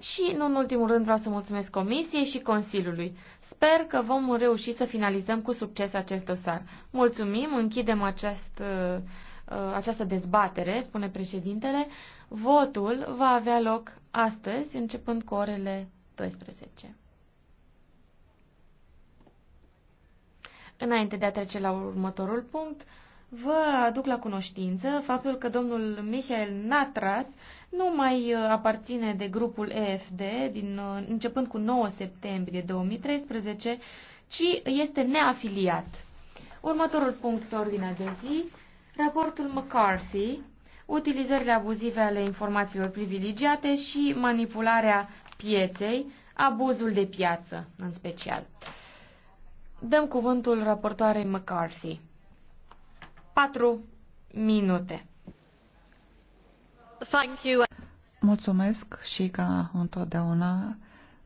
Și, nu în ultimul rând, vreau să mulțumesc Comisiei și Consiliului. Sper că vom reuși să finalizăm cu succes acest dosar. Mulțumim, închidem acest, uh, uh, această dezbatere, spune președintele. Votul va avea loc astăzi, începând cu orele 12. Înainte de a trece la următorul punct, Vă aduc la cunoștință faptul că domnul Michael Natras nu mai uh, aparține de grupul EFD din, uh, începând cu 9 septembrie 2013, ci este neafiliat. Următorul punct pe ordinea de zi, raportul McCarthy, utilizările abuzive ale informațiilor privilegiate și manipularea pieței, abuzul de piață în special. Dăm cuvântul raportoarei McCarthy patru minute. Thank you. Mulțumesc și ca întotdeauna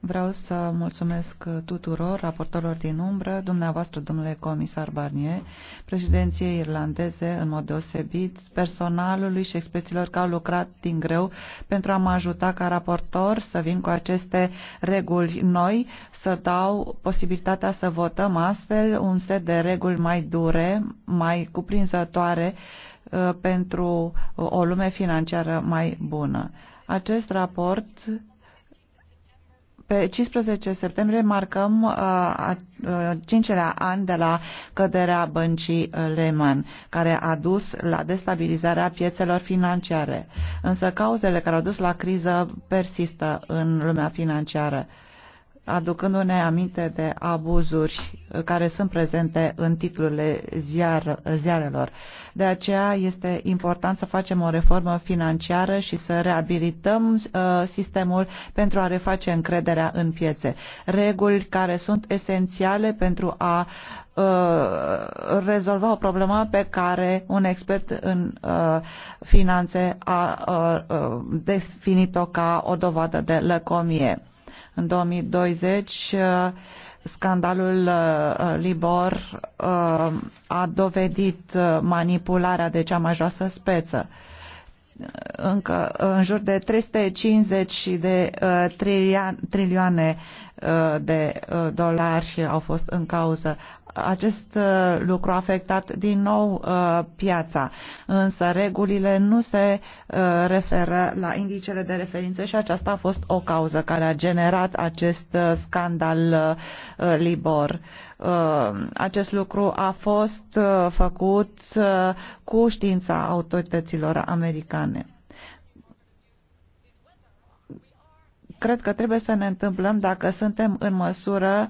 Vreau să mulțumesc tuturor raportorilor din umbră, dumneavoastră, domnule comisar Barnier, președinției irlandeze, în mod deosebit, personalului și experților care au lucrat din greu pentru a mă ajuta ca raportor să vin cu aceste reguli noi, să dau posibilitatea să votăm astfel un set de reguli mai dure, mai cuprinzătoare uh, pentru o lume financiară mai bună. Acest raport pe 15 septembrie marcăm uh, a, a, uh, cincelea an de la căderea băncii uh, Lehman, care a dus la destabilizarea piețelor financiare. Însă cauzele care au dus la criză persistă în lumea financiară aducându-ne aminte de abuzuri care sunt prezente în titlurile ziar, ziarelor. De aceea este important să facem o reformă financiară și să reabilităm uh, sistemul pentru a reface încrederea în piețe. Reguli care sunt esențiale pentru a uh, rezolva o problemă pe care un expert în uh, finanțe a uh, uh definit-o ca o dovadă de lăcomie în 2020, scandalul uh, Libor uh, a dovedit uh, manipularea de cea mai joasă speță încă în jur de 350 de uh, trilioane uh, de uh, dolari au fost în cauză acest uh, lucru a afectat din nou uh, piața, însă regulile nu se uh, referă la indicele de referință și aceasta a fost o cauză care a generat acest scandal Libor. Acest lucru a fost făcut cu știința autorităților americane. cred că trebuie să ne întâmplăm dacă suntem în măsură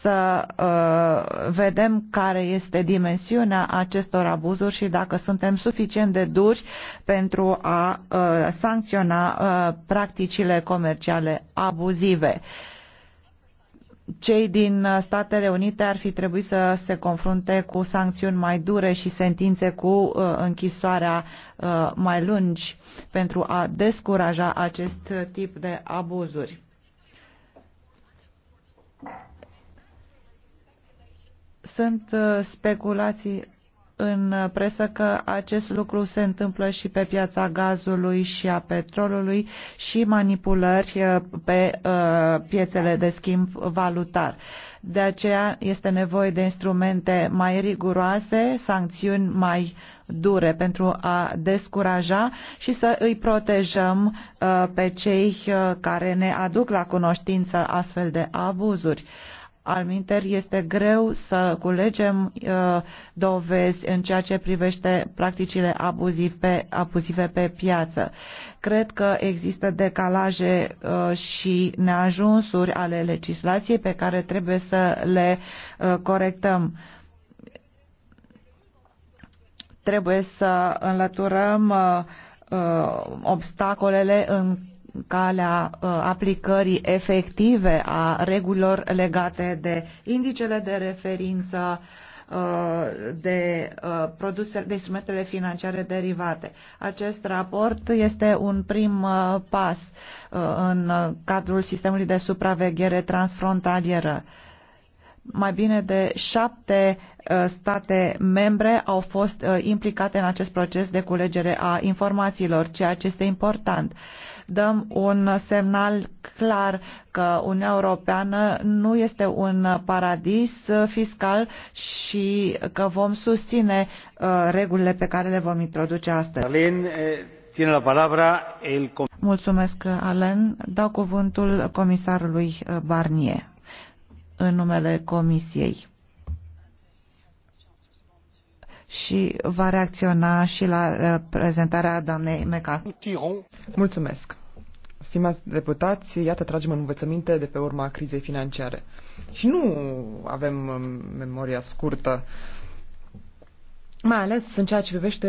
să uh, vedem care este dimensiunea acestor abuzuri și dacă suntem suficient de duri pentru a uh, sancționa uh, practicile comerciale abuzive. Uh, cei din uh, Statele Unite ar fi trebuit să se confrunte cu sancțiuni mai dure și sentințe cu uh, închisoarea uh, mai lungi pentru a descuraja acest tip de abuzuri. Sunt speculații în presă că acest lucru se întâmplă și pe piața gazului și a petrolului și manipulări uh, pe uh, piețele de schimb valutar. De aceea este nevoie de instrumente mai riguroase, sancțiuni mai dure pentru a descuraja și să îi protejăm uh, pe cei care ne aduc la cunoștință astfel de abuzuri. Alminter, este greu să culegem uh, dovezi în ceea ce privește practicile abuzive, abuzive pe piață. Cred că există decalaje uh, și neajunsuri ale legislației pe care trebuie să le uh, corectăm trebuie să înlăturăm uh, uh obstacolele în calea uh, aplicării efective a regulilor legate de indicele de referință, uh, de uh, produse, de instrumentele financiare derivate. Acest raport este un prim pas în cadrul sistemului de supraveghere transfrontalieră. Mai bine de șapte state membre au fost implicate în acest proces de culegere a informațiilor, ceea ce este important dăm un semnal clar că Uniunea Europeană nu este un paradis fiscal și că vom susține uh, regulile pe care le vom introduce astăzi. Alin, eh, tiene la palabra el... Mulțumesc, Alen. Dau cuvântul comisarului uh, Barnier în numele Comisiei și va reacționa și la uh, prezentarea doamnei Meca. Mulțumesc! Stimați deputați, iată, tragem în învățăminte de pe urma crizei financiare. Și nu avem um, memoria scurtă, mai ales în ceea ce privește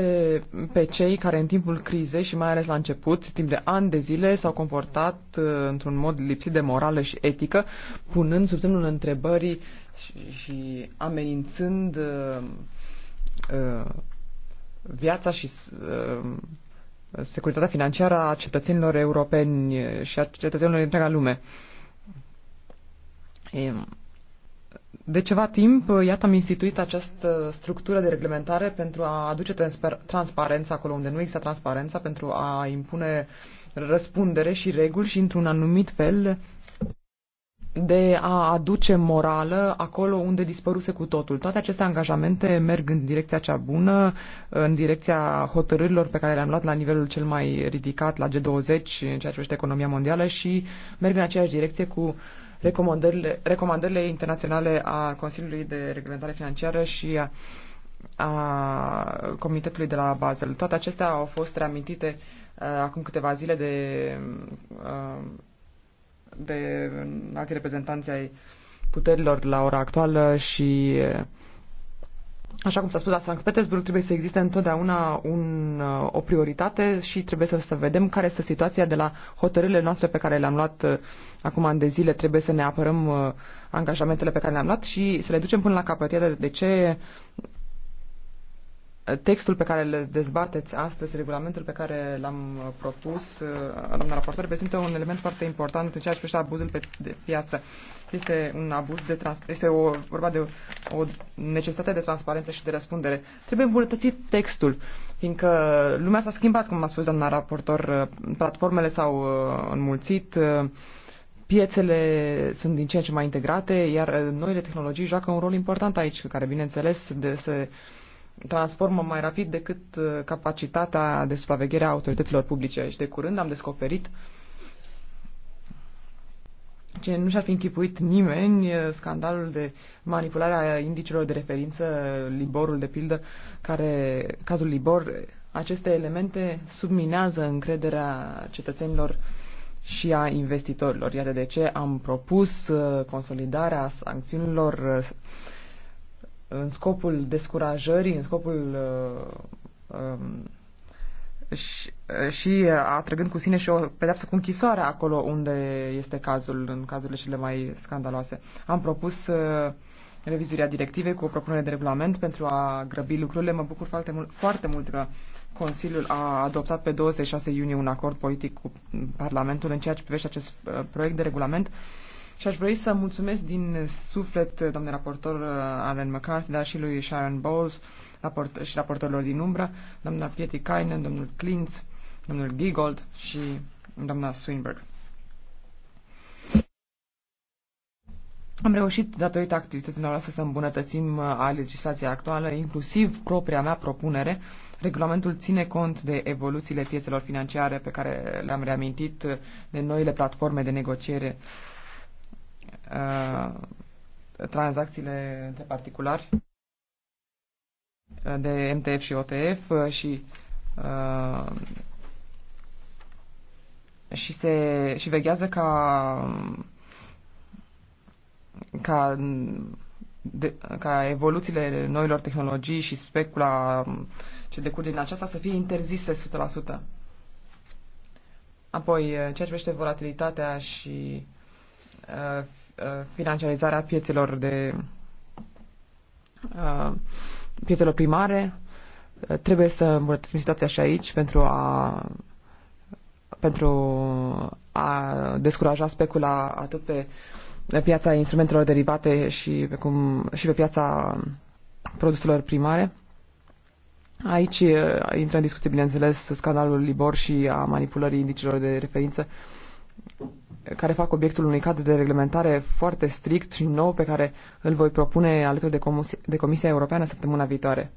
pe cei care în timpul crizei și mai ales la început, timp de ani de zile, s-au comportat uh, într-un mod lipsit de morală și etică, punând sub semnul întrebării și, și amenințând uh, Uh, viața și uh, securitatea financiară a cetățenilor europeni și a cetățenilor din întreaga lume. De ceva timp, uh, iată, am instituit această structură de reglementare pentru a aduce transparența acolo unde nu există transparența, pentru a impune răspundere și reguli și, într-un anumit fel, de a aduce morală acolo unde dispăruse cu totul. Toate aceste angajamente merg în direcția cea bună, în direcția hotărârilor pe care le-am luat la nivelul cel mai ridicat, la G20, în ceea ce privește economia mondială și merg în aceeași direcție cu recomandările, recomandările internaționale a Consiliului de Reglementare Financiară și a, a Comitetului de la Basel. Toate acestea au fost reamintite uh, acum câteva zile de uh, de alți reprezentanți ai puterilor la ora actuală și Așa cum s-a spus la Sankt Petersburg, trebuie să existe întotdeauna un, o prioritate și trebuie să, să vedem care este situația de la hotărârile noastre pe care le-am luat acum în de zile. Trebuie să ne apărăm angajamentele pe care le-am luat și să le ducem până la capăt. Iată de ce textul pe care îl dezbateți astăzi, regulamentul pe care l-am propus, uh, doamna raportor, reprezintă un element foarte important în ceea ce privește abuzul pe de piață. Este un abuz de trans- este o, vorba de o, o necesitate de transparență și de răspundere. Trebuie îmbunătățit textul, fiindcă lumea s-a schimbat, cum a spus doamna raportor, uh, platformele s-au uh, înmulțit, piețele sunt din ce în ce mai integrate, iar noile tehnologii joacă un rol important aici, care, bineînțeles, de, se transformă mai rapid decât uh, capacitatea de supraveghere a autorităților publice. Și de curând am descoperit ce nu și-ar fi închipuit nimeni, uh, scandalul de manipulare a indicilor de referință, Liborul de pildă, care, cazul Libor, aceste elemente subminează încrederea cetățenilor și a investitorilor. Iată de ce am propus uh, consolidarea sancțiunilor în scopul descurajării, în scopul uh, um, și, uh, și atrăgând cu sine și o pedeapsă cu închisoare acolo unde este cazul, în cazurile cele mai scandaloase. Am propus uh, revizuirea directivei cu o propunere de regulament pentru a grăbi lucrurile. Mă bucur foarte mult, foarte mult că Consiliul a adoptat pe 26 iunie un acord politic cu Parlamentul în ceea ce privește acest uh, proiect de regulament uh, și aș vrea să mulțumesc din suflet, domnule raportor uh, Alan McCarthy, dar și lui Sharon Bowles raport- și raportorilor din umbră, doamna Pieti Kainen, domnul Klintz, domnul Giggold și doamna Swinberg. Am reușit, datorită activității noastre, să îmbunătățim a uh, legislației actuală, inclusiv propria mea propunere. Regulamentul ține cont de evoluțiile piețelor financiare pe care le-am reamintit, uh, de noile platforme de negociere Uh, tranzacțiile între particulari uh, de MTF și OTF uh, și și se și veghează ca ca de, ca evoluțiile noilor tehnologii și specula um, ce decurge din aceasta să fie interzise 100%. Apoi, ceea ce privește volatilitatea și Uh, financiarizarea piețelor de uh, piețelor primare. Uh, trebuie să îmbunătățim situația și aici pentru a pentru a descuraja specula atât pe piața instrumentelor derivate și pe, cum, și pe piața produselor primare. Aici intră în discuție, bineînțeles, scandalul Libor și a manipulării indicilor de referință. Uh, care fac obiectul unui cadru de reglementare foarte strict și nou pe care îl voi propune alături de, Comus- de Comisia Europeană săptămâna viitoare.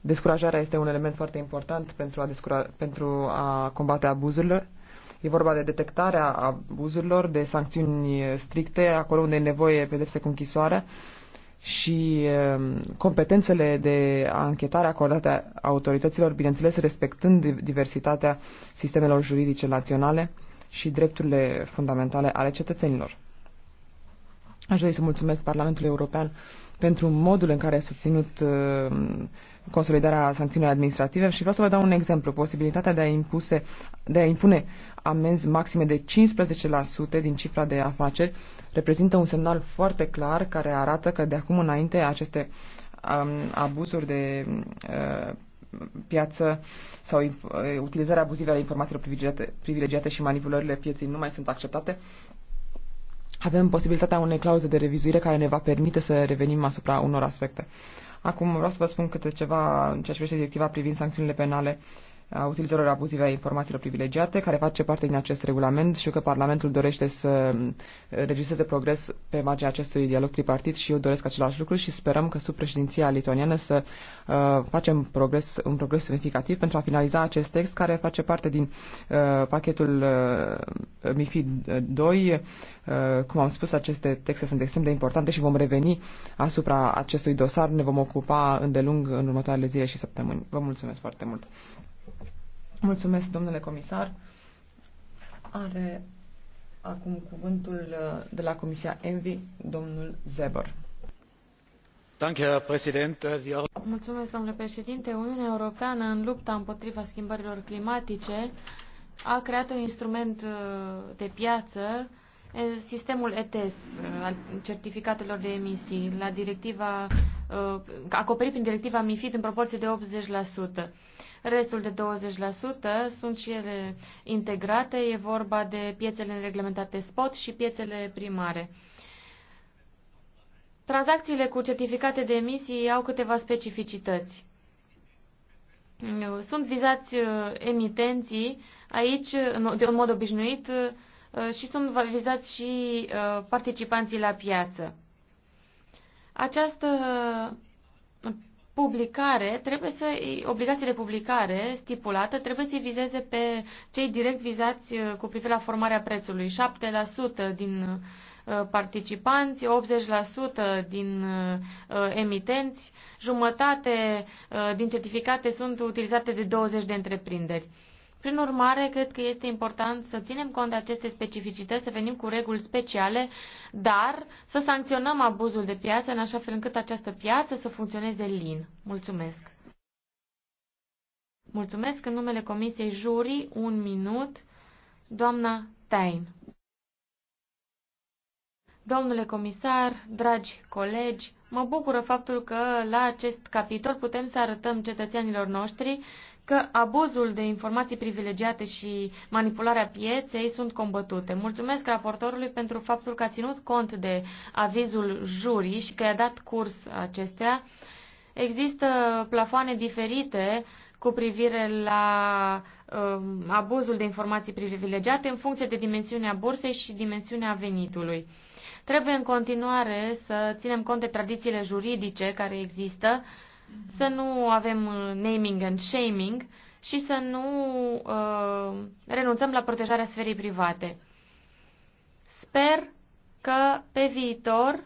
Descurajarea este un element foarte important pentru a, descura- pentru a combate abuzurile. E vorba de detectarea abuzurilor, de sancțiuni stricte, acolo unde e nevoie pedepse cu închisoarea și ehm, competențele de anchetare acordate autorităților, bineînțeles respectând diversitatea sistemelor juridice naționale și drepturile fundamentale ale cetățenilor. Aș dori să mulțumesc Parlamentului European pentru modul în care a susținut uh, consolidarea sancțiunilor administrative și vreau să vă dau un exemplu. Posibilitatea de a, impuse, de a impune amenzi maxime de 15% din cifra de afaceri reprezintă un semnal foarte clar care arată că de acum înainte aceste um, abuzuri de uh, piață sau eh, utilizarea abuzivă a informațiilor privilegiate, privilegiate și manipulările pieței nu mai sunt acceptate, avem posibilitatea unei clauze de revizuire care ne va permite să revenim asupra unor aspecte. Acum vreau să vă spun câte ceva în ceea ce privește directiva privind sancțiunile penale a utilizărilor abuzive a informațiilor privilegiate, care face parte din acest regulament. Știu că Parlamentul dorește să mm, registreze progres pe marginea acestui dialog tripartit și eu doresc același lucru și sperăm că sub președinția lituaniană să uh, facem progres, un progres semnificativ pentru a finaliza acest text care face parte din uh, pachetul uh, MIFID 2. Uh, cum am spus, aceste texte sunt extrem de importante și vom reveni asupra acestui dosar. Ne vom ocupa îndelung în următoarele zile și săptămâni. Vă mulțumesc foarte mult! Mulțumesc, domnule comisar. Are acum cuvântul uh, de la Comisia Envi, domnul Zeber. Äh, Mulțumesc, domnule președinte. Uniunea Europeană, în lupta împotriva schimbărilor climatice, a creat un instrument uh, de piață sistemul ETS al certificatelor de emisii la directiva acoperit prin directiva MIFID în proporție de 80%. Restul de 20% sunt și ele integrate, e vorba de piețele reglementate spot și piețele primare. Tranzacțiile cu certificate de emisii au câteva specificități. Sunt vizați emitenții aici, de un mod obișnuit, Uh, și sunt vizați și uh, participanții la piață. Această publicare trebuie să, obligația de publicare stipulată trebuie să i vizeze pe cei direct vizați uh, cu privire la formarea prețului. 7% din participanți, 80% din emitenți, jumătate din certificate sunt utilizate de 20 de întreprinderi. Prin urmare, cred că este important să ținem cont de aceste specificități, să venim cu reguli speciale, dar să sancționăm abuzul de piață în așa fel încât această piață să funcționeze lin. Mulțumesc! Mulțumesc în numele Comisiei Jurii, un minut, doamna Tain. Domnule comisar, dragi colegi, mă bucură faptul că la acest capitol putem să arătăm cetățenilor noștri că abuzul de informații privilegiate și manipularea pieței sunt combătute. Mulțumesc raportorului pentru faptul că a ținut cont de avizul jurii și că i-a dat curs acestea. Există plafoane diferite cu privire la um, abuzul de informații privilegiate în funcție de dimensiunea bursei și dimensiunea venitului. Trebuie în continuare să ținem cont de tradițiile juridice care există, să nu avem uh, naming and shaming și să nu uh, renunțăm la protejarea sferii private. Sper că pe viitor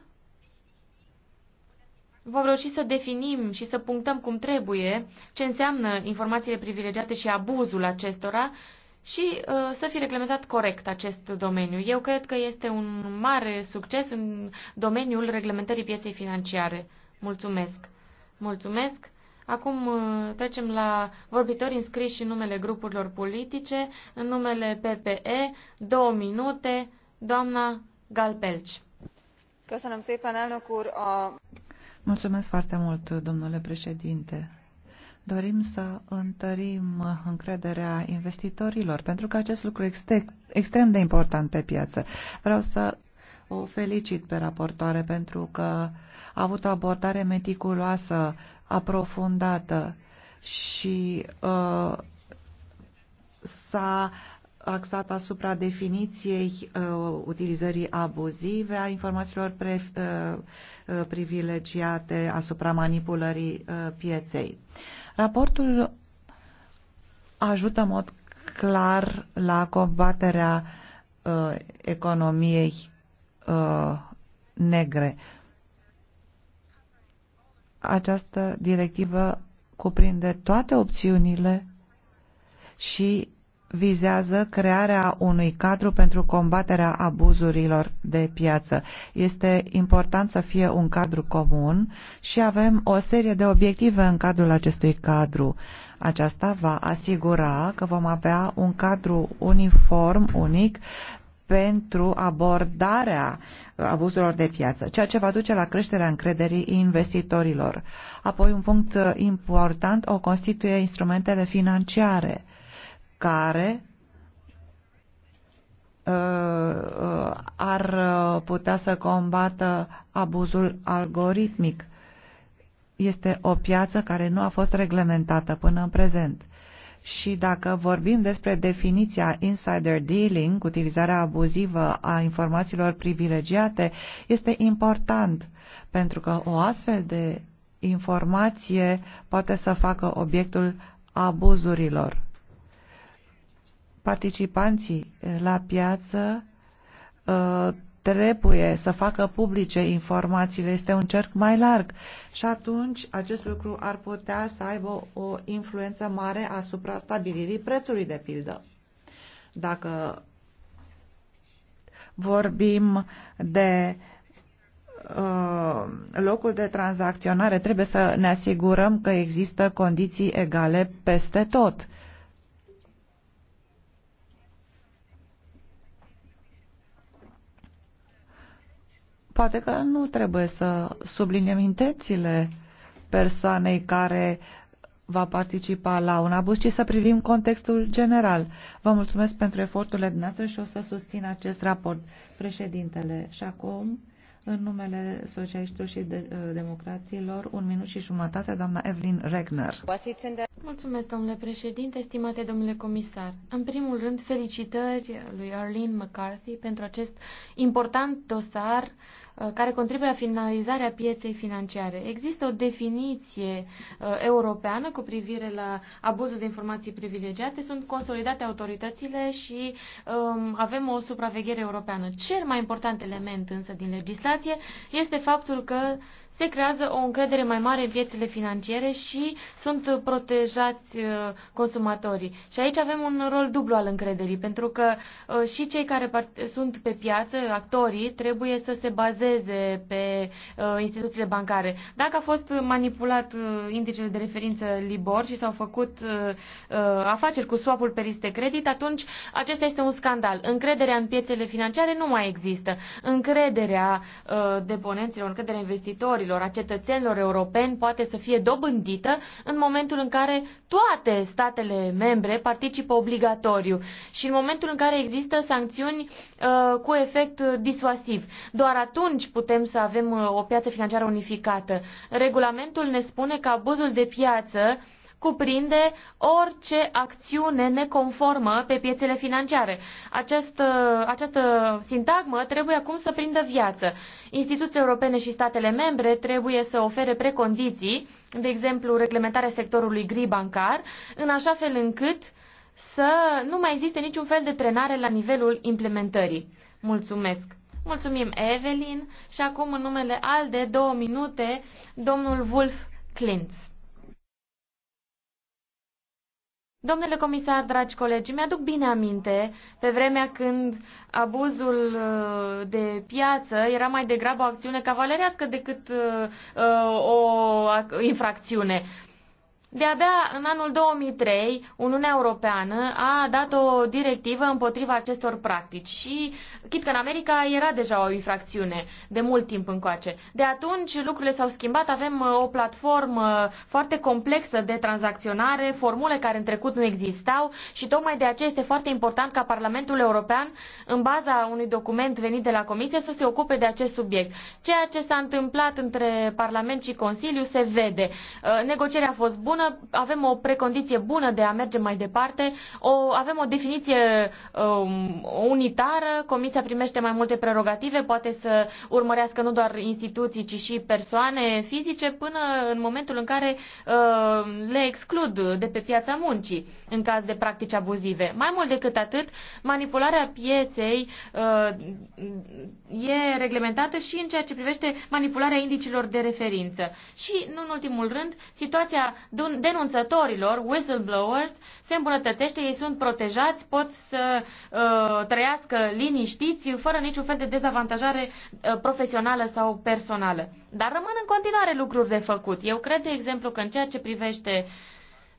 vom reuși să definim și să punctăm cum trebuie ce înseamnă informațiile privilegiate și abuzul acestora și uh, să fie reglementat corect acest domeniu. Eu cred că este un mare succes în domeniul reglementării pieței financiare. Mulțumesc! Mulțumesc. Acum uh, trecem la vorbitori înscriși în numele grupurilor politice, în numele PPE, două minute, doamna Galpelci. Mulțumesc foarte mult, domnule președinte. Dorim să întărim încrederea investitorilor, pentru că acest lucru este extrem de important pe piață. Vreau să o felicit pe raportoare pentru că a avut o abordare meticuloasă, aprofundată și uh, s-a axat asupra definiției uh, utilizării abuzive a informațiilor pre, uh, uh privilegiate, asupra manipulării uh, pieței. Raportul ajută în mod clar la combaterea uh, economiei Uh, negre. Această directivă cuprinde toate opțiunile și vizează crearea unui cadru pentru combaterea abuzurilor de piață. Este important să fie un cadru comun și avem o serie de obiective în cadrul acestui cadru. Aceasta va asigura că vom avea un cadru uniform, unic, pentru abordarea abuzurilor de piață, ceea ce va duce la creșterea încrederii investitorilor. Apoi, un punct important o constituie instrumentele financiare, care uh, uh, ar putea să combată abuzul algoritmic. Este o piață care nu a fost reglementată până în prezent. Și dacă vorbim despre definiția insider dealing, utilizarea abuzivă a informațiilor privilegiate, este important pentru că o astfel de informație poate să facă obiectul abuzurilor. Participanții la piață uh, trebuie să facă publice informațiile, este un cerc mai larg și atunci acest lucru ar putea să aibă o influență mare asupra stabilirii prețului, de pildă. Dacă vorbim de uh, locul de tranzacționare, trebuie să ne asigurăm că există condiții egale peste tot. Uh, Poate că nu trebuie să subliniem intențiile persoanei care va participa la un abuz, ci să privim contextul general. Vă mulțumesc pentru eforturile dumneavoastră și o să susțin acest raport, președintele. Și acum, în numele socialiștilor și de, uh, democraților, un minut și jumătate, doamna Evelyn Regner. Mulțumesc, domnule președinte, estimate domnule comisar. În primul rând, felicitări lui Arlene McCarthy pentru acest important dosar Uh, care contribuie la finalizarea pieței financiare. Există o definiție uh, europeană cu privire la abuzul de informații privilegiate, sunt consolidate autoritățile și um, avem o supraveghere europeană. Cel mai important element însă din legislație este faptul că se creează o încredere mai mare în piețele financiare și sunt protejați uh, consumatorii. Și aici avem un rol dublu al încrederii, pentru că uh, și cei care sunt pe piață, actorii, trebuie să se bazeze pe uh, instituțiile bancare. Dacă a fost manipulat indicele de referință Libor și s-au făcut afaceri cu swap-ul pe liste credit, atunci acesta este un scandal. Încrederea în piețele financiare nu mai există. Încrederea deponenților, încrederea investitorilor, valorilor, a cetățenilor europeni poate să fie dobândită în momentul în care toate statele membre participă obligatoriu și în momentul în care există sancțiuni uh, cu efect disuasiv. Doar atunci putem să avem uh, o piață financiară unificată. Regulamentul ne spune că abuzul de piață uh, cuprinde orice acțiune neconformă pe piețele financiare. Această, uh, această sintagmă trebuie acum să prindă viață. Instituții europene și statele membre trebuie să ofere precondiții, de exemplu reglementarea sectorului gri bancar, în așa fel încât să nu mai existe niciun fel de trenare la nivelul implementării. Mulțumesc! Mulțumim, Evelyn, și acum în numele de două minute, domnul Wolf Klintz. Domnule comisar, dragi colegi, mi-aduc bine aminte pe vremea când abuzul uh, de piață era mai degrabă o acțiune cavalerească decât uh, uh, o infracțiune. De-abia în anul 2003, Uniunea Europeană a dat o directivă împotriva acestor practici și, chit că în America era deja o infracțiune de mult timp încoace. De atunci lucrurile s-au schimbat, avem uh, o platformă foarte complexă de tranzacționare, formule care în trecut nu existau și tocmai de aceea este foarte important ca Parlamentul European, în baza unui document venit de la Comisie, să se ocupe de acest subiect. Ceea ce s-a întâmplat între Parlament și Consiliu se vede. Uh, negocierea a fost bună, bună, avem o precondiție bună de a merge mai departe, o, avem o definiție um, unitară, Comisia primește mai multe prerogative, poate să urmărească nu doar instituții, ci și persoane fizice, până în momentul în care uh, le exclud de pe piața muncii în caz de practici abuzive. Mai mult decât atât, manipularea pieței uh, e reglementată și în ceea ce privește manipularea indicilor de referință. Și, nu în ultimul rând, situația de denunțătorilor, whistleblowers, se îmbunătățește, ei sunt protejați, pot să uh, trăiască liniștiți, fără niciun fel de dezavantajare uh, profesională sau personală. Dar rămân în continuare lucruri de făcut. Eu cred, de exemplu, că în ceea ce privește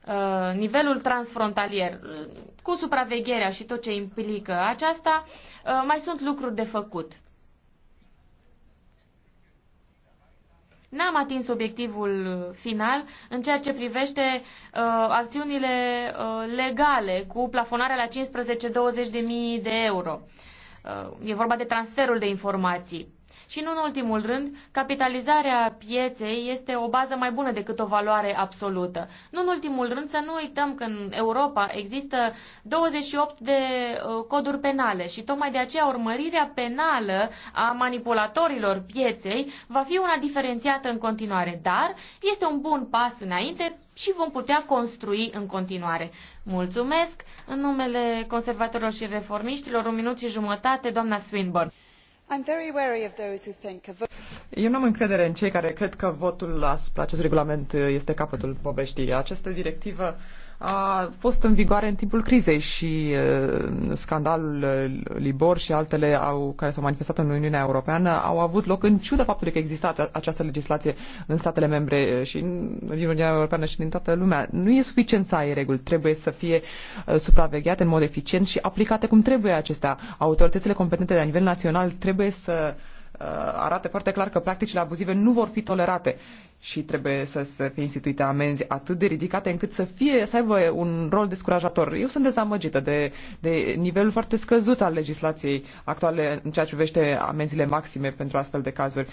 uh, nivelul transfrontalier, uh, cu supravegherea și tot ce implică aceasta, uh, mai sunt lucruri de făcut. N-am atins obiectivul final în ceea ce privește uh, acțiunile uh, legale cu plafonarea la 15-20 de mii de euro. Uh, e vorba de transferul de informații. Și nu în ultimul rând, capitalizarea pieței este o bază mai bună decât o valoare absolută. Nu în ultimul rând să nu uităm că în Europa există 28 de uh, coduri penale și tocmai de aceea urmărirea penală a manipulatorilor pieței va fi una diferențiată în continuare, dar este un bun pas înainte și vom putea construi în continuare. Mulțumesc! În numele conservatorilor și reformiștilor, un minut și jumătate, doamna Swinburne. Eu nu am încredere în cei care cred că votul asupra acestui regulament este capătul poveștii. Această directivă a fost în vigoare în timpul crizei și scandalul Libor și altele au, care s-au manifestat în Uniunea Europeană au avut loc în ciuda faptului că exista această legislație în statele membre și în Uniunea Europeană și din toată lumea. Nu e suficient să ai reguli, trebuie să fie supravegheate în mod eficient și aplicate cum trebuie acestea. Autoritățile competente de la nivel național trebuie să arate foarte clar că practicile abuzive nu vor fi tolerate și trebuie să, să fie instituite amenzi atât de ridicate încât să fie să aibă un rol descurajator. Eu sunt dezamăgită de, de nivelul foarte scăzut al legislației actuale în ceea ce privește amenziile maxime pentru astfel de cazuri. 15%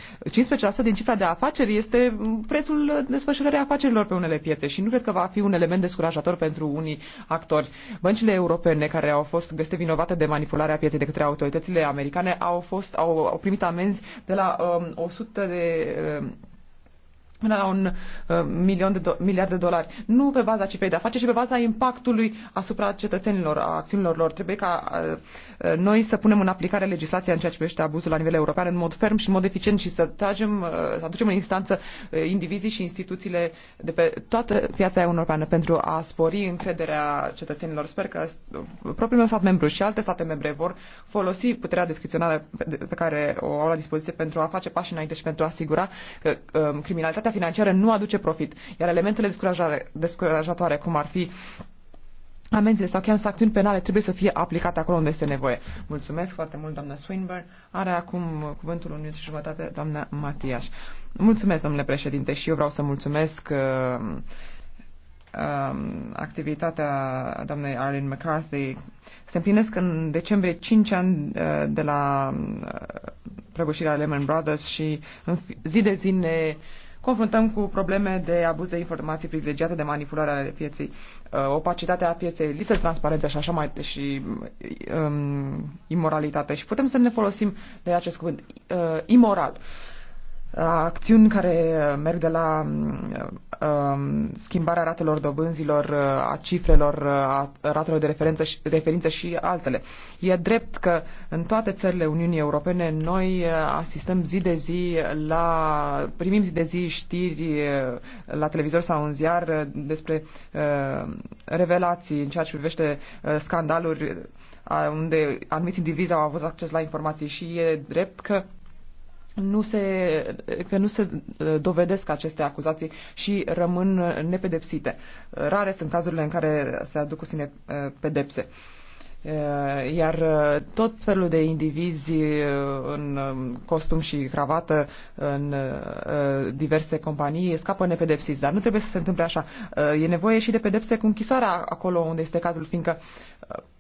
din cifra de afaceri este prețul desfășurării afacerilor pe unele piețe și nu cred că va fi un element descurajator pentru unii actori. Băncile europene care au fost găsite vinovate de manipularea pieței de către autoritățile americane au, fost, au, au primit amenzi de la um, 100 de um, până la un uh, milion de do- miliard de dolari. Nu pe baza cifrei de afaceri, ci pe baza impactului asupra cetățenilor, a acțiunilor lor. Trebuie ca uh, uh, noi să punem în aplicare legislația în ceea ce privește abuzul la nivel european în mod ferm și în mod eficient și să tragem, uh, să aducem în instanță uh, indivizii și instituțiile de pe toată piața europeană pentru a spori încrederea cetățenilor. Sper că uh, propriul meu stat membru și alte state membre vor folosi puterea discrețională pe care o au la dispoziție pentru a face pași înainte și pentru a asigura că um, criminalitatea financiară nu aduce profit, iar elementele descurajatoare, cum ar fi amenzile sau chiar sancțiuni penale trebuie să fie aplicate acolo unde este nevoie. Mulțumesc foarte mult, doamna Swinburne. Are acum cuvântul un minut și jumătate, doamna Matiaș. Mulțumesc, domnule președinte, și eu vreau să mulțumesc uh, uh, activitatea doamnei Arlene McCarthy. Se împlinesc în decembrie 5 ani uh, de la uh, prăbușirea Lehman Brothers și în zi de zi ne uh, confruntăm cu probleme de abuz de informații privilegiate, de manipulare ale pieței, uh, opacitatea pieței, lipsă de transparență și așa mai și um, imoralitate. Și putem să ne folosim de acest cuvânt, uh, imoral. Uh, acțiuni care merg de la schimbarea ratelor dobânzilor, a cifrelor, a ratelor de referință și, referință și altele. E drept că în toate țările Uniunii Europene noi asistăm zi de zi la, primim zi de zi știri la televizor sau în ziar despre revelații în ceea ce privește scandaluri unde anumiți indivizi au avut acces la informații și e drept că nu se, că nu se uh, dovedesc aceste acuzații și rămân uh, nepedepsite. Rare sunt cazurile în care se aduc cu sine uh, pedepse. Eh, iar eh, tot felul de indivizi eh, în um, costum și cravată în diverse companii scapă nepedepsiți. Dar nu trebuie să se întâmple așa. E nevoie și de pedepse cu închisoarea acolo unde este cazul, fiindcă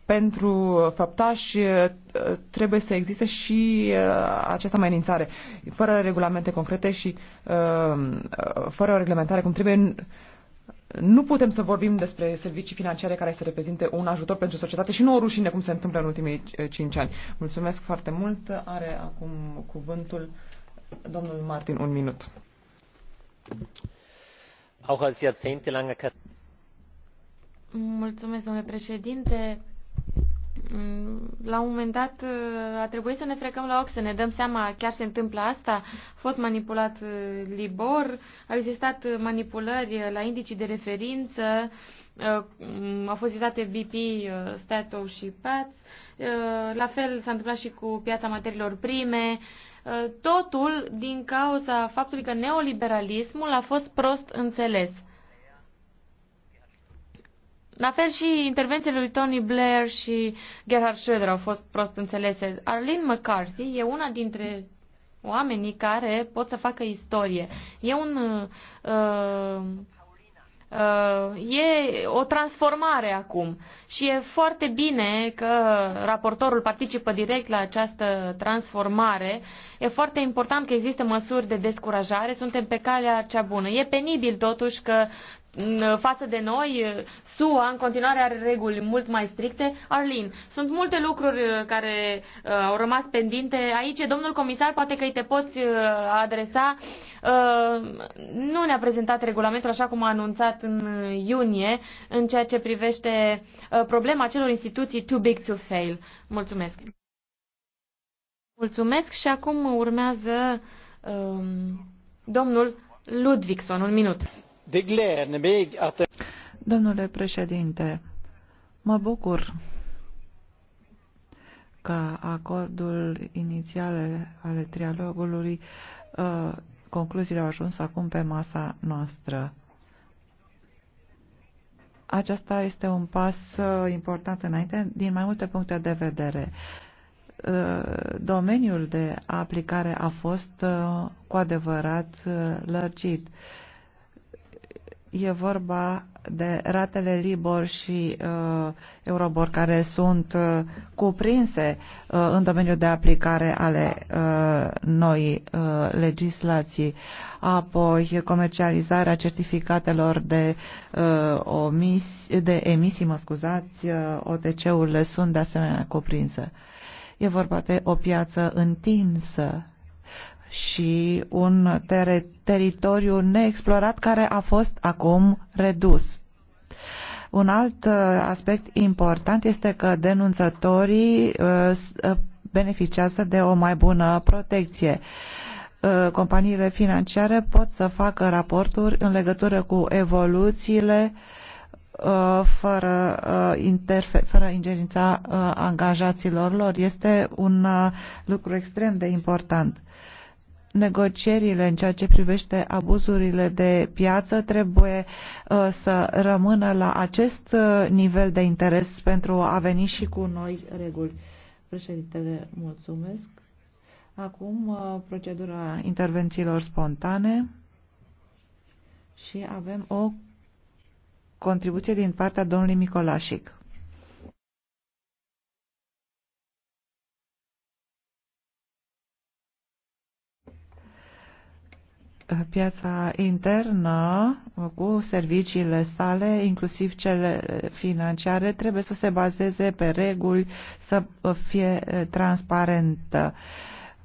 pentru făptași trebuie să existe și această amenințare. Fără regulamente concrete și fără o reglementare cum trebuie, nu putem să vorbim despre servicii financiare care să reprezinte un ajutor pentru societate și nu o rușine, cum se întâmplă în ultimii eh, cinci ani. Mulțumesc foarte mult. Are acum cuvântul domnul Martin, un minut. Mulțumesc, domnule președinte. Mm, la un moment dat uh, a trebuit să ne frecăm la ochi, să ne dăm seama chiar se întâmplă asta. A fost manipulat uh, Libor, au existat uh, manipulări la indicii de referință, mm, au fost vizate BP, Stato și PATS. La fel s-a întâmplat și cu piața materiilor prime. Totul din cauza faptului că neoliberalismul a fost prost înțeles. La fel și intervențiile lui Tony Blair și Gerhard Schröder au fost prost înțelese. Arlene McCarthy e una dintre oamenii care pot să facă istorie. E un... Uh, uh, e o transformare acum și e foarte bine că raportorul participă direct la această transformare. E foarte important că există măsuri de descurajare, suntem pe calea cea bună. E penibil totuși că Uh, față de noi, uh, SUA în continuare are reguli mult mai stricte. Arlin, sunt multe lucruri uh, care uh, au rămas pendinte aici. Domnul comisar, poate că îi te poți uh, adresa. Uh, nu ne-a prezentat regulamentul așa cum a anunțat în iunie în ceea ce privește uh, problema celor instituții too big to fail. Mulțumesc. Mulțumesc și acum urmează um, domnul Ludvigson, un minut. Domnule președinte, mă bucur că acordul inițial ale trialogului, uh, concluziile au ajuns acum pe masa noastră. Aceasta este un pas uh, important înainte din mai multe puncte de vedere uh, domeniul de aplicare a fost cu adevărat lărgit. E vorba de ratele Libor și uh, Eurobor care sunt uh, cuprinse uh, în domeniul de aplicare ale uh, noi uh, legislații, apoi comercializarea certificatelor de, uh, omis, de emisii, mă scuzați, uh, OTC-urile sunt de asemenea cuprinse. E vorba de o piață întinsă și un ter teritoriu neexplorat care a fost acum redus. Un alt uh, aspect important este că denunțătorii uh, uh, beneficiază de o mai bună protecție. Companiile financiare pot să facă raporturi în legătură cu evoluțiile fără, fără ingerința angajaților lor. Este un lucru extrem de important negocierile în ceea ce privește abuzurile de piață trebuie uh, să rămână la acest uh, nivel de interes pentru a veni și cu noi reguli. Președintele, mulțumesc. Acum uh, procedura intervențiilor spontane și avem o contribuție din partea domnului Micolașic. piața internă cu serviciile sale, inclusiv cele financiare, trebuie să se bazeze pe reguli, să fie eh, transparentă.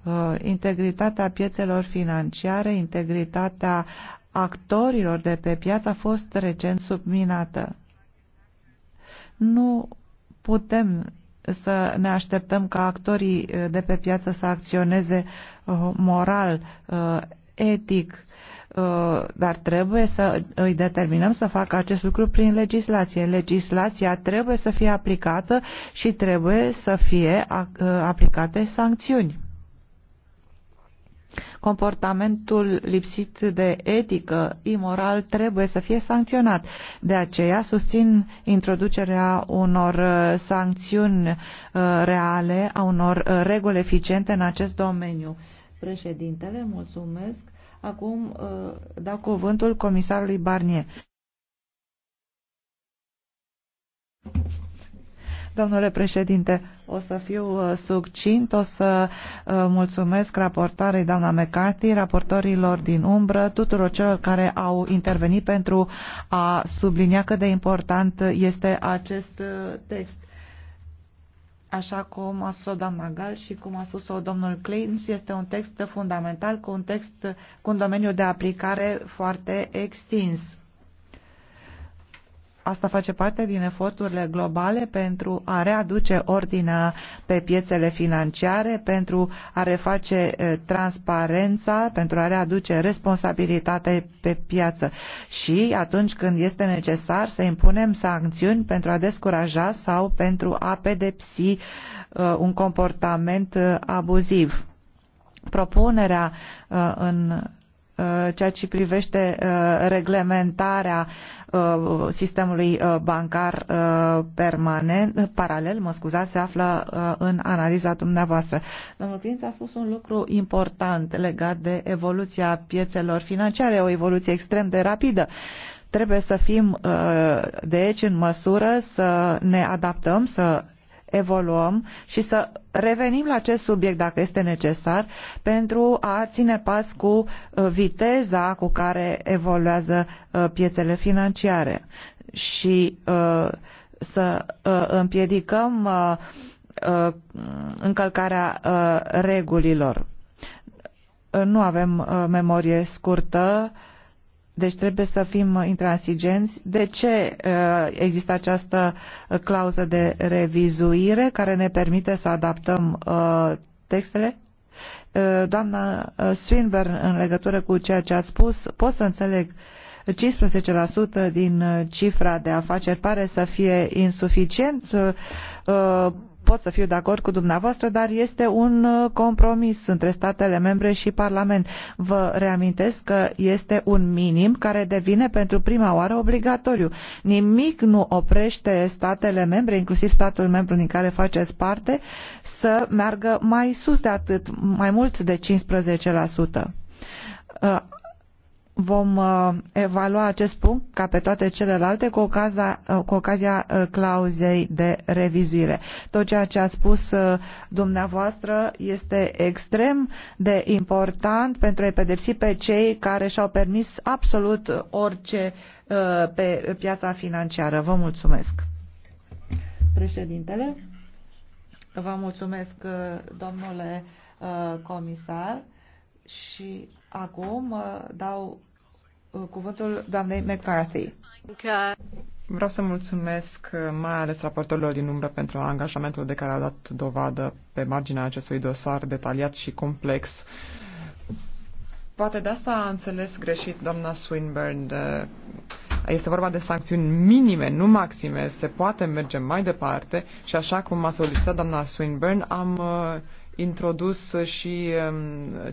Eh, integritatea piețelor financiare, integritatea actorilor de pe piață a fost recent subminată. Nu putem să ne așteptăm ca actorii eh, de pe piață să acționeze moral, etic. Uh, dar trebuie să îi determinăm să facă acest lucru prin legislație. Legislația trebuie să fie aplicată și trebuie să fie uh, aplicate sancțiuni. Comportamentul lipsit de etică, imoral, trebuie să fie sancționat. De aceea susțin introducerea unor uh, sancțiuni reale, a unor reguli eficiente în acest domeniu. Președintele, mulțumesc. Acum uh, dau cuvântul comisarului Barnier. Domnule președinte, o să fiu uh, succint, o să uh, mulțumesc raportarei doamna Mecati, raportorilor din umbră, tuturor celor care au intervenit pentru a sublinia cât de important este acest text așa cum a spus-o doamna Gal și cum a spus-o domnul Clins, este un text fundamental cu un text cu un domeniu de aplicare foarte extins. Asta face parte din eforturile globale pentru a readuce ordinea pe piețele financiare, pentru a reface transparența, pentru a readuce responsabilitate pe piață și atunci când este necesar să impunem sancțiuni pentru a descuraja sau pentru a pedepsi un comportament abuziv. Propunerea în Uh, ceea ce privește uh, reglementarea uh, sistemului bancar permanent, paralel, mă scuzați, se află în analiza dumneavoastră. Domnul Prinț a spus un lucru important legat de evoluția piețelor financiare, o evoluție extrem de rapidă trebuie să fim deci în măsură să ne adaptăm, să evoluăm și să revenim la acest subiect dacă este necesar pentru a ține pas cu uh, viteza cu care evoluează uh, piețele financiare și uh, să împiedicăm încălcarea regulilor. Nu avem memorie scurtă, deci trebuie să fim intransigenți. De ce uh, există această clauză de revizuire care ne permite să adaptăm uh, textele? Uh, doamna Swinburne, în legătură cu ceea ce ați spus, pot să înțeleg 15% din cifra de afaceri pare să fie insuficient pot să fiu de acord cu dumneavoastră, dar este un uh, compromis între statele membre și Parlament. Vă reamintesc că este un minim care devine pentru prima oară obligatoriu. Nimic nu oprește statele membre, inclusiv statul membru din care faceți parte, să meargă mai sus de atât, mai mult de 15% vom uh, evalua acest punct ca pe toate celelalte cu ocazia, uh, cu ocazia uh, clauzei de revizuire. Tot ceea ce a spus dumneavoastră este extrem de important pentru a-i pedepsi pe cei care și-au permis absolut orice pe piața financiară. Vă mulțumesc. Președintele, vă mulțumesc, domnule comisar. Și acum uh, dau uh, cuvântul doamnei McCarthy. Vreau să mulțumesc uh, mai ales raportorilor din umbră pentru angajamentul de care a dat dovadă pe marginea acestui dosar detaliat și complex. Poate de asta a înțeles greșit doamna Swinburne. De... Este vorba de sancțiuni minime, nu maxime. Se poate merge mai departe și așa cum a solicitat doamna Swinburne, am uh, introdus și um,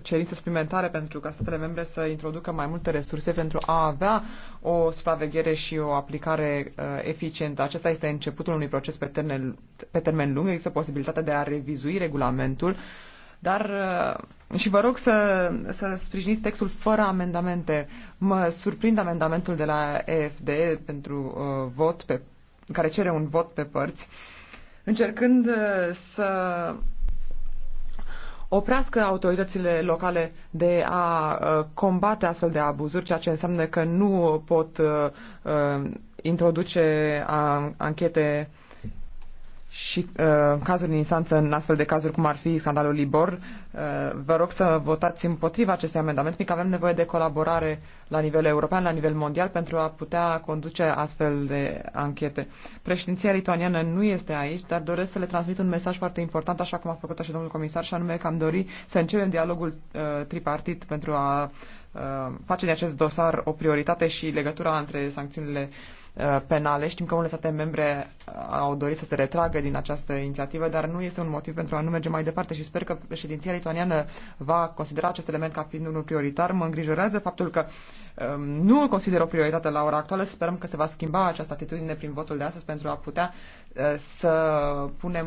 cerințe suplimentare pentru ca statele membre să introducă mai multe resurse pentru a avea o supraveghere și o aplicare uh, eficientă. Acesta este începutul unui proces pe termen, pe termen lung. Există posibilitatea de a revizui regulamentul, dar uh, și vă rog să, să sprijiniți textul fără amendamente. Mă surprind amendamentul de la EFD pentru uh, vot pe, care cere un vot pe părți, încercând uh, să oprească autoritățile locale de a uh, combate astfel de abuzuri, ceea ce înseamnă că nu pot uh, uh, introduce anchete și uh, în cazuri din instanță, în astfel de cazuri cum ar fi scandalul Libor, uh, vă rog să votați împotriva acestui amendament, fiindcă avem nevoie de colaborare la nivel european, la nivel mondial, pentru a putea conduce astfel de anchete. Președinția lituaniană nu este aici, dar doresc să le transmit un mesaj foarte important, așa cum a făcut și domnul comisar, și anume că am dori să începem dialogul uh, tripartit pentru a face de acest dosar o prioritate și legătura între sancțiunile uh, Uh, penale. Știm că unele state membre uh, au dorit să se retragă din această inițiativă, dar nu este un motiv pentru a nu merge mai departe și sper că președinția lituaniană va considera acest element ca fiind unul prioritar. Mă îngrijorează faptul că um, nu îl consider o prioritate la ora actuală. Sperăm că se va schimba această atitudine prin votul de astăzi pentru a putea uh, să punem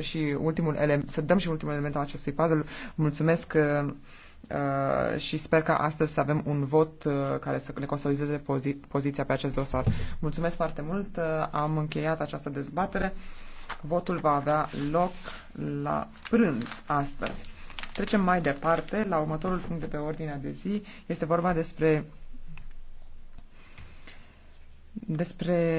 și ultimul element, să dăm și ultimul element al acestui puzzle. Mulțumesc uh, Uh, și sper că astăzi să avem un vot uh, care să le consolideze pozi- poziția pe acest dosar. Mulțumesc foarte mult, uh, am încheiat această dezbatere. Votul va avea loc la prânz astăzi. Trecem mai departe la următorul punct de pe ordinea de zi. Este vorba despre despre